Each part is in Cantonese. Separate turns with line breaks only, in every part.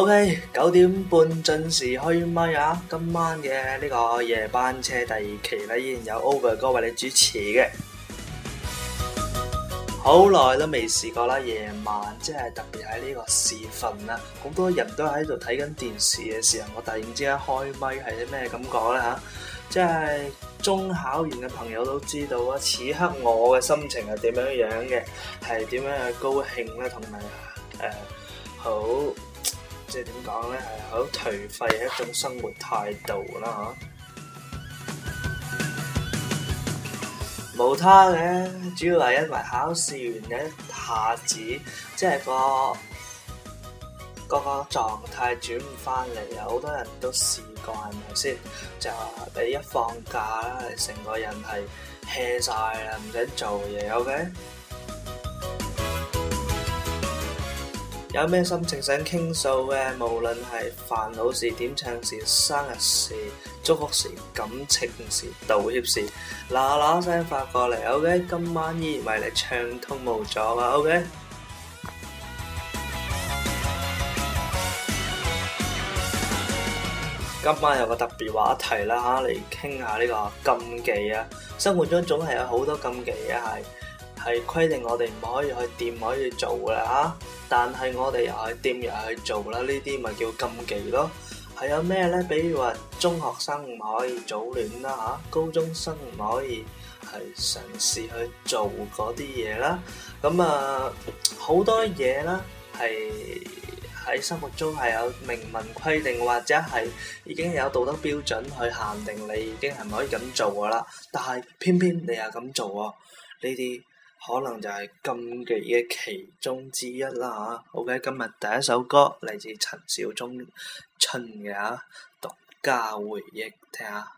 O K，九點半準時開咪啊！今晚嘅呢個夜班車第二期咧，依然有 Over 哥為你主持嘅。好耐都未試過啦，夜晚即係特別喺呢個時分啦，好多人都喺度睇緊電視嘅時候，我突然之間開咪，係啲咩感覺咧？吓，即係中考完嘅朋友都知道啊，此刻我嘅心情係點樣樣嘅，係點樣嘅高興咧，同埋誒好。即係點講咧，係好頹廢嘅一種生活態度啦，嗬。冇他嘅，主要係因為考試完咧，一下子即係個個個狀態轉唔翻嚟，好多人都試過，係咪先？就你一放假啦，你成個人係 hea 晒啦，唔想做嘢嗰啲。有咩心情想傾訴嘅，無論係煩惱事、點唱事、生日事、祝福事、感情事、道歉事，嗱嗱聲發過嚟，OK。今晚依然為你暢通無阻啊，OK。今晚有個特別話題啦，吓嚟傾下呢個禁忌啊。生活中總係有好多禁忌嘅係。係規定我哋唔可以去店可以做嘅嚇，但係我哋又去店又去做啦，呢啲咪叫禁忌咯。係有咩咧？比如話中學生唔可以早戀啦嚇，高中生唔可以係嘗試去做嗰啲嘢啦。咁啊好多嘢啦，係喺生活中係有明文規定或者係已經有道德標準去限定你已經係唔可以咁做嘅啦。但係偏偏你又咁做喎，呢啲。可能就係禁忌嘅其中之一啦，吓，OK，今日第一首歌嚟自陳小春嘅《獨家回憶》，聽下。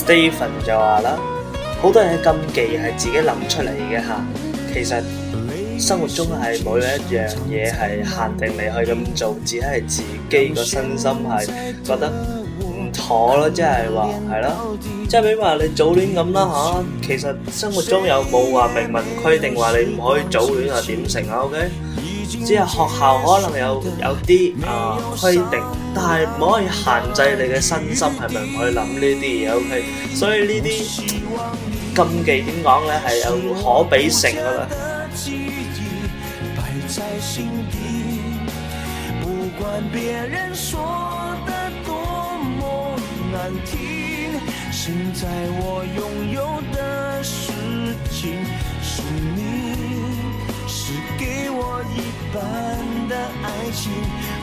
Stephen 就話啦，好多人嘅禁忌係自己諗出嚟嘅吓，其實生活中係冇一樣嘢係限定你去咁做，只係自己個身心係覺得唔妥咯、嗯就是，即係話係咯，即係比如話你早戀咁啦吓，其實生活中有冇話明文規定話你唔可以早戀啊？點成啊？O K，只係學校可能有有啲啊規定。但係唔可以限制你嘅身心，係咪唔可以諗呢啲嘢？OK，所以呢啲禁忌點講咧，係有可比
性噶啦。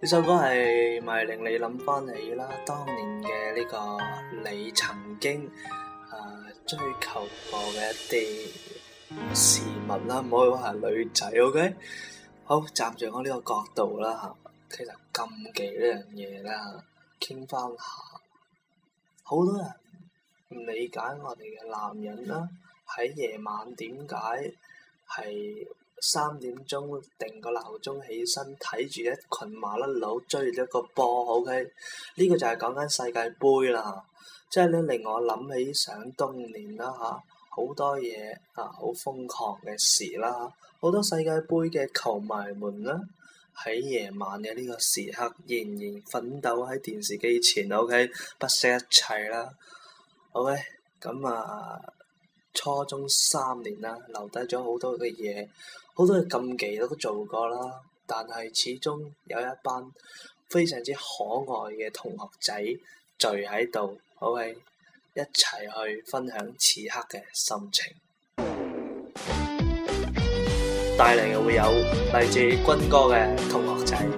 呢首歌係咪令你諗翻起啦？當年嘅呢個你曾經誒、呃、追求過嘅一啲事物啦，唔可以話係女仔，OK？好，站在我呢個角度啦，吓，其實禁忌呢樣嘢啦，傾翻下，好多人唔理解我哋嘅男人啦，喺夜晚點解係？三點鐘定個鬧鐘起身，睇住一群麻甩佬追住一個波，OK？呢個就係講緊世界盃啦，即係咧，令我諗起想當年啦嚇，好多嘢啊，好瘋、啊、狂嘅事啦，好、啊、多世界盃嘅球迷們啦，喺、啊、夜晚嘅呢個時刻仍然奮鬥喺電視機前，OK？不惜一切啦，OK？咁啊～、OK？初中三年啦，留低咗好多嘅嘢，好多嘅禁忌都做過啦。但係始終有一班非常之可愛嘅同學仔聚喺度，好喺一齊去分享此刻嘅心情，帶嚟嘅會有嚟自軍哥嘅同學仔。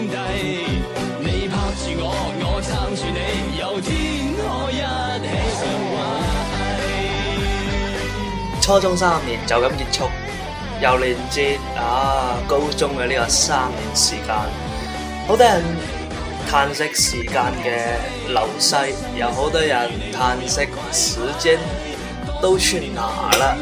初中三年就咁結束，又連接啊高中嘅呢個三年時間，好多人嘆息時間嘅流逝，又好多人嘆息時間都去哪啦？